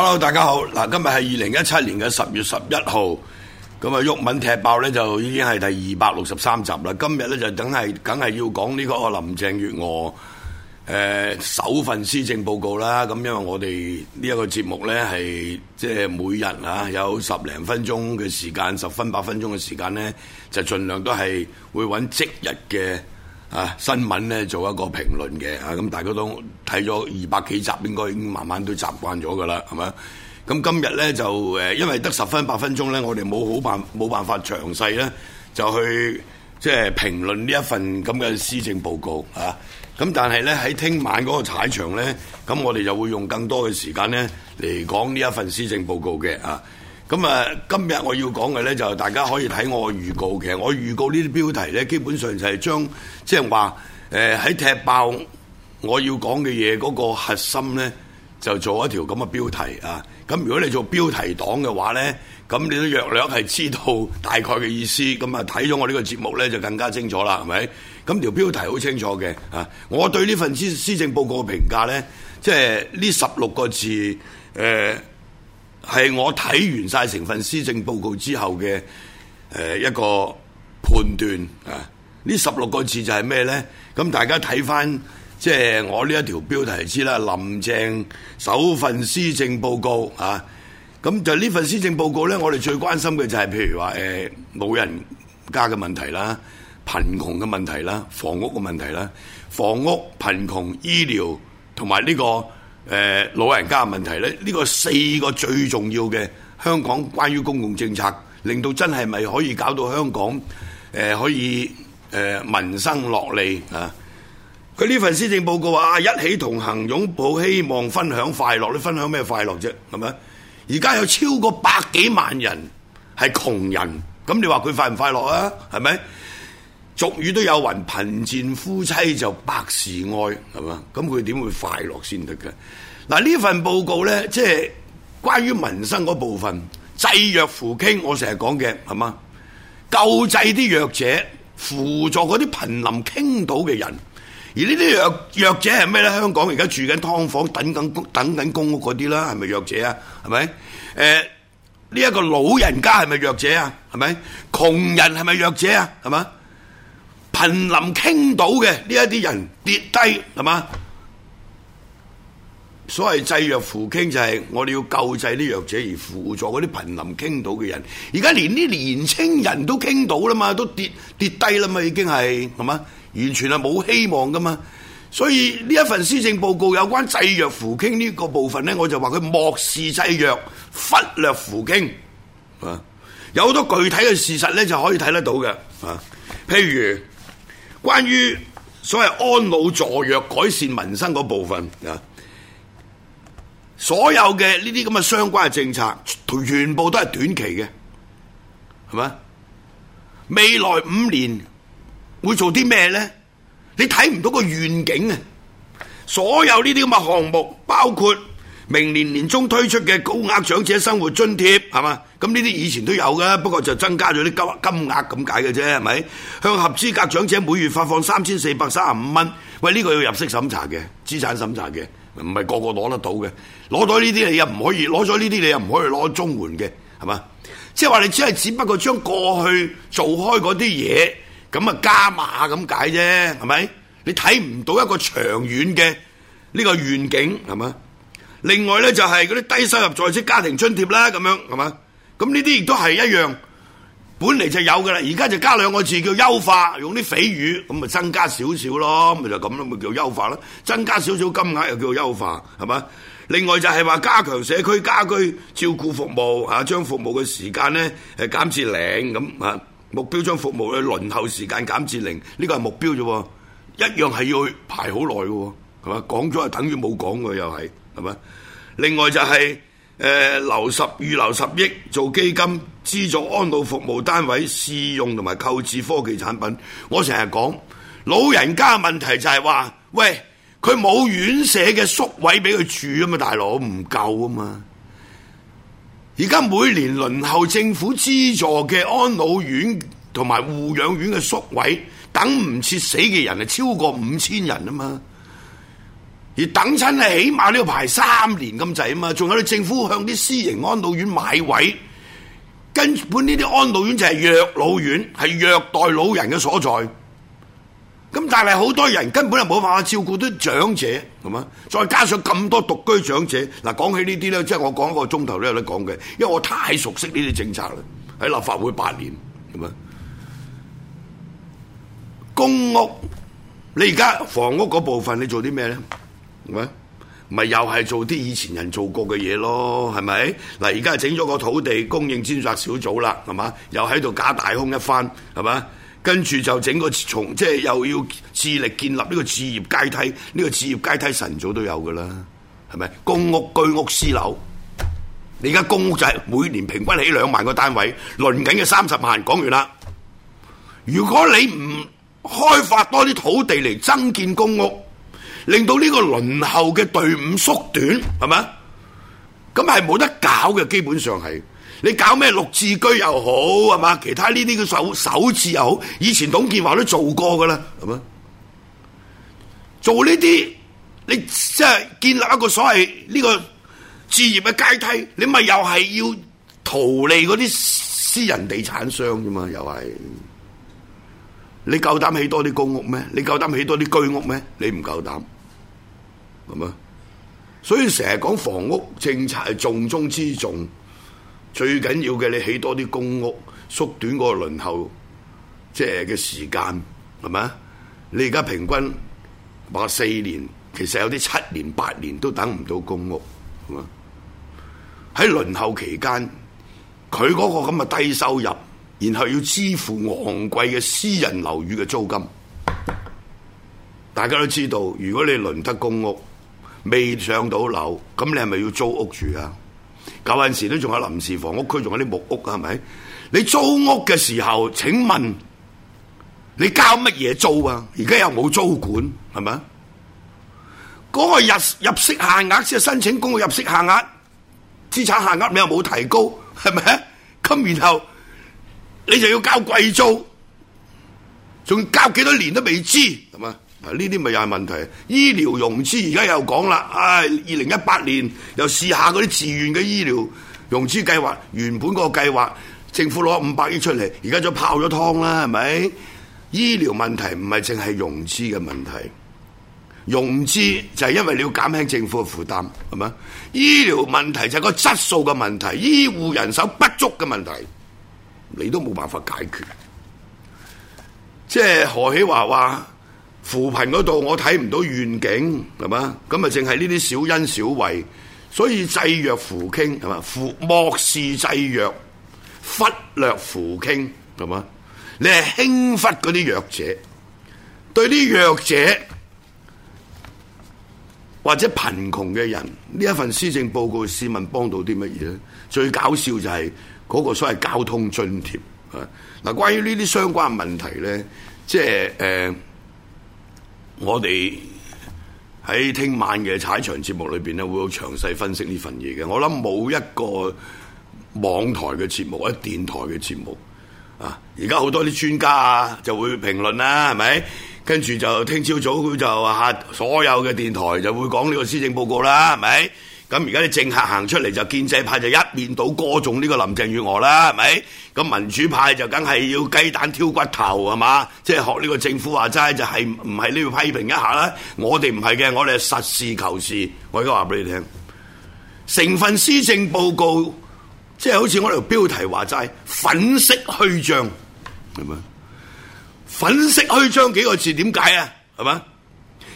hello，大家好，嗱，今日係二零一七年嘅十月十一號，咁啊，毓民踢爆咧就已經係第二百六十三集啦。今日咧就等係，梗係要講呢個林鄭月娥誒、呃、首份施政報告啦。咁因為我哋呢一個節目咧係即係每日啊有十零分鐘嘅時間，十分八分鐘嘅時間咧就盡量都係會揾即日嘅。啊！新聞咧做一個評論嘅嚇。咁、啊、大家都睇咗二百幾集，應該已經慢慢都習慣咗㗎喇，係咪啊？咁今日咧就誒、呃，因為得十分八分鐘咧，我哋冇好辦冇辦法詳細咧就去即係、就是、評論呢一份咁嘅施政報告嚇。咁、啊、但係咧喺聽晚嗰個踩場咧，咁我哋就會用更多嘅時間咧嚟講呢一份施政報告嘅啊。咁啊，今日我要講嘅呢，就大家可以睇我預告，其實我預告呢啲標題呢，基本上就係將即係話誒喺踢爆我要講嘅嘢嗰個核心呢，就做一條咁嘅標題啊。咁如果你做標題黨嘅話呢，咁你都約略係知道大概嘅意思。咁啊，睇咗我呢個節目呢，就更加清楚啦，係咪？咁條標題好清楚嘅啊！我對呢份施施政報告嘅評價呢，即係呢十六個字誒。呃係我睇完晒成份施政報告之後嘅誒、呃、一個判斷啊！呢十六個字就係咩呢？咁大家睇翻即係我呢一條標題先啦。林鄭首份施政報告啊，咁就呢份施政報告呢，我哋最關心嘅就係、是、譬如話誒老人家嘅問題啦、貧窮嘅問題啦、房屋嘅問題啦、房屋貧窮、醫療同埋呢個。誒老人家問題咧，呢、這個四個最重要嘅香港關於公共政策，令到真係咪可以搞到香港誒、呃、可以誒、呃、民生樂利啊？佢呢份施政報告話一起同行，擁抱希望，分享快樂。你分享咩快樂啫？咁樣而家有超過百幾萬人係窮人，咁你話佢快唔快樂啊？係咪？俗語都有云貧賤夫妻就百事哀，係嘛？咁佢點會快樂先得嘅？嗱，呢份報告咧，即係關於民生嗰部分，濟弱扶傾，我成日講嘅係嘛？救濟啲弱者，扶助嗰啲瀕臨傾倒嘅人。而呢啲弱弱者係咩咧？香港而家住緊劏房、等緊等緊公屋嗰啲啦，係咪弱者啊？係咪？誒、呃，呢、這、一個老人家係咪弱者啊？係咪？窮人係咪弱者啊？係嘛？貧民傾倒嘅呢一啲人跌低係嘛？所謂濟弱扶傾就係我哋要救濟啲弱者，而扶助嗰啲瀕臨傾倒嘅人。而家連啲年青人都傾倒啦嘛，都跌跌低啦嘛，已經係係嘛，完全係冇希望噶嘛。所以呢一份施政報告有關濟弱扶傾呢個部分呢，我就話佢漠視濟弱，忽略扶傾啊。有好多具體嘅事實呢就可以睇得到嘅啊，譬如。關於所謂安老助弱改善民生嗰部分啊，所有嘅呢啲咁嘅相關嘅政策，全部都係短期嘅，係咪？未來五年會做啲咩呢？你睇唔到個願景啊！所有呢啲咁嘅項目，包括明年年中推出嘅高額長者生活津貼，係咪？咁呢啲以前都有㗎，不過就增加咗啲金金額咁解嘅啫，係咪？向合資格長者每月發放三千四百三十五蚊。喂，呢個要入息審查嘅，資產審查嘅，唔係個個攞得到嘅。攞咗呢啲你又唔可以，攞咗呢啲你又唔可以攞綜援嘅，係嘛？即係話你只係只不過將過去做開嗰啲嘢，咁啊加碼咁解啫，係咪？你睇唔到一個長遠嘅呢個願景係嘛？另外呢，就係嗰啲低收入在職家庭津貼啦，咁樣係嘛？咁呢啲亦都係一樣，本嚟就有嘅啦，而家就加兩個字叫優化，用啲廢語，咁咪增加少少咯，咪就咁咯，咪叫優化咯，增加少少金額又叫優化，係嘛？另外就係話加強社區家居照顧服務，嚇，將服務嘅時間咧係減至零咁，嚇，目標將服務嘅輪候時間減至零，呢個係目標啫喎、這個，一樣係要排好耐嘅喎，係嘛？講咗係等於冇講嘅又係，係嘛？另外就係、是。誒、呃、留十預留十億做基金資助安老服務單位試用同埋購置科技產品。我成日講老人家問題就係、是、話，喂佢冇院舍嘅宿位俾佢住啊嘛，大佬唔夠啊嘛。而家每年輪候政府資助嘅安老院同埋護養院嘅宿位，等唔切死嘅人係超過五千人啊嘛。而等親，你起碼都要排三年咁滯啊嘛！仲有啲政府向啲私營安老院買位，根本呢啲安老院就係虐老院，係虐待老人嘅所在。咁但係好多人根本就冇辦法照顧啲長者咁啊！再加上咁多獨居長者嗱，講起呢啲咧，即係我講一個鐘頭都有得講嘅，因為我太熟悉呢啲政策啦。喺立法會八年，咁啊公屋，你而家房屋嗰部分你做啲咩咧？喂，咪又係做啲以前人做過嘅嘢咯，係咪？嗱，而家整咗個土地供應專責小組啦，係嘛？又喺度假大空一番，係嘛？跟住就整個從即係又要致力建立呢個置業階梯，呢個置業階梯神早都有噶啦，係咪？公屋、居屋、私樓，你而家公屋就係每年平均起兩萬個單位，輪緊嘅三十萬講完啦。如果你唔開發多啲土地嚟增建公屋，令到呢個輪候嘅隊伍縮短，係咪？咁係冇得搞嘅，基本上係。你搞咩綠置居又好，係嘛？其他呢啲嘅首首置又好，以前董建華都做過噶啦，係嘛？做呢啲，你即係建立一個所謂呢個置業嘅階梯，你咪又係要逃離嗰啲私人地產商啫嘛？又係你夠膽起多啲公屋咩？你夠膽起多啲居屋咩？你唔夠膽。係嘛？所以成日講房屋政策係重中之重，最緊要嘅你起多啲公屋，縮短嗰個輪候，即係嘅時間係嘛？你而家平均話四年，其實有啲七年、八年都等唔到公屋，係嘛？喺輪候期間，佢嗰個咁嘅低收入，然後要支付昂貴嘅私人樓宇嘅租金，大家都知道，如果你輪得公屋。未上到樓，咁你係咪要租屋住啊？舊陣時都仲有臨時房屋區，仲有啲木屋，係咪？你租屋嘅時候，請問你交乜嘢租啊？而家又冇租管，係咪？嗰個入入息限額先申請公屋入息限額，資產限額你又冇提高，係咪？咁然後你就要交貴租，仲交幾多年都未知，係嘛？呢啲咪又係問題，醫療融資而家又講啦，唉、啊，二零一八年又試下嗰啲自願嘅醫療融資計劃，原本個計劃政府攞五百億出嚟，而家就泡咗湯啦，係咪？醫療問題唔係淨係融資嘅問題，融資就係因為你要減輕政府嘅負擔，係咪？醫療問題就係個質素嘅問題，醫護人手不足嘅問題，你都冇辦法解決。即係何喜華話。扶貧嗰度我睇唔到願景，係嘛？咁啊，淨係呢啲小恩小惠，所以濟弱扶傾係嘛？扶漠視濟弱，忽略扶傾係嘛？你係輕忽嗰啲弱者，對啲弱者或者貧窮嘅人呢一份施政報告，市民幫到啲乜嘢咧？最搞笑就係嗰個所謂交通津貼啊！嗱，關於呢啲相關問題咧，即係誒。呃我哋喺聽晚嘅踩場節目裏邊咧，會好詳細分析呢份嘢嘅。我諗冇一個網台嘅節目或者電台嘅節目啊，而家好多啲專家啊就會評論啦，係咪？跟住就聽朝早佢就話吓所有嘅電台就會講呢個施政報告啦，啊，係咪？咁而家啲政客行出嚟就，建制派就一面倒歌頌呢個林鄭月娥啦，係咪？咁民主派就梗係要雞蛋挑骨頭，係嘛？即係學呢個政府話齋，就係唔係呢度批評一下啦。我哋唔係嘅，我哋係實事求是，我而家話俾你聽，成份施政報告即係好似我哋標題話齋粉飾虛張，係咪？粉飾虛張幾個字點解啊？係嘛？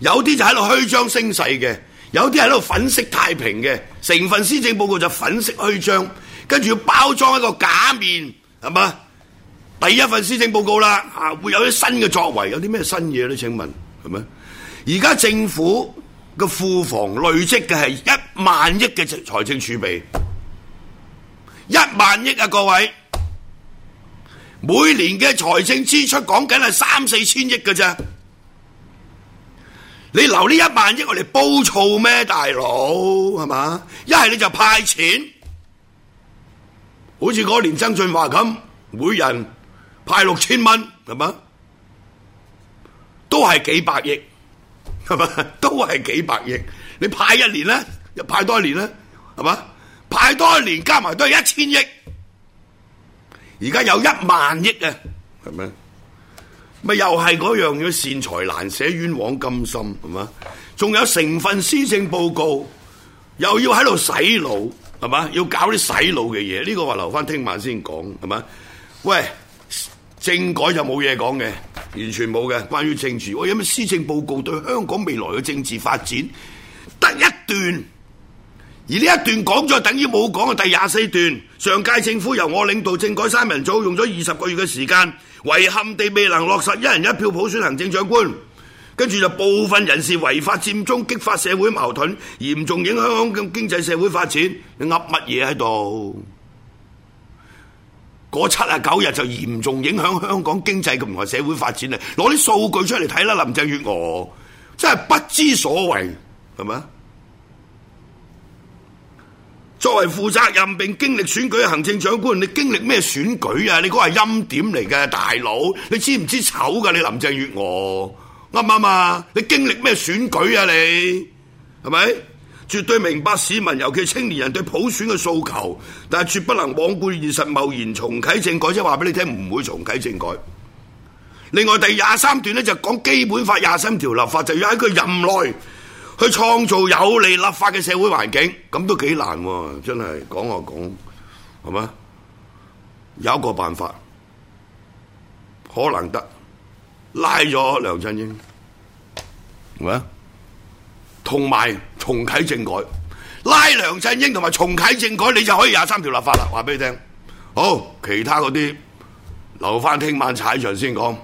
有啲就喺度虛張聲勢嘅。有啲喺度粉飾太平嘅，成份施政報告就粉飾虛張，跟住要包裝一個假面，係嘛？第一份施政報告啦，啊會有啲新嘅作為，有啲咩新嘢咧？請問係咩？而家政府嘅庫房累積嘅係一萬億嘅財政儲備，一萬億啊！各位，每年嘅財政支出講緊係三四千億㗎咋。你留呢一萬億我嚟煲醋咩大佬係嘛？一係你就派錢，好似嗰年曾俊華咁，每人派六千蚊係嘛，都係幾百億，係咪都係幾百億？你派一年呢，又派多一年呢，係嘛？派多一年加埋都係一千億，而家有一萬億啊，係咪？咪又係嗰樣嘢，善財難捨，冤枉甘心，係嘛？仲有成份施政報告，又要喺度洗腦，係嘛？要搞啲洗腦嘅嘢，呢個話留翻聽晚先講，係嘛？喂，政改就冇嘢講嘅，完全冇嘅，關於政治。我因為施政報告對香港未來嘅政治發展得一段，而呢一段講咗，等於冇講嘅第廿四段。上屆政府由我領導政改三人組用咗二十個月嘅時間，遺憾地未能落實一人一票普選行政長官，跟住就部分人士違法佔中，激發社會矛盾，嚴重影響香港經濟社會發展。你噏乜嘢喺度？嗰七啊九日就嚴重影響香港經濟同埋社會發展啊！攞啲數據出嚟睇啦，林鄭月娥真係不知所謂，係嘛？作為負責任並經歷選舉嘅行政長官，你經歷咩選舉啊？你嗰係欽點嚟嘅大佬，你知唔知醜㗎？你林鄭月娥啱唔啱啊？你經歷咩選舉啊？你係咪絕對明白市民，尤其係青年人對普選嘅訴求？但係絕不能罔顧現實，貿然重啟政改。即係話俾你聽，唔會重啟政改。另外，第廿三段咧就講基本法廿三條立法，就要喺佢任內。佢創造有利立法嘅社會環境，咁都幾難喎，啊！真係講話講，有一個辦法可能得，拉咗梁振英，係嘛嗎？同埋重啟政改，拉梁振英同埋重啟政改，你就可以廿三條立法啦！話俾你聽，好，其他嗰啲留返聽晚踩場先講。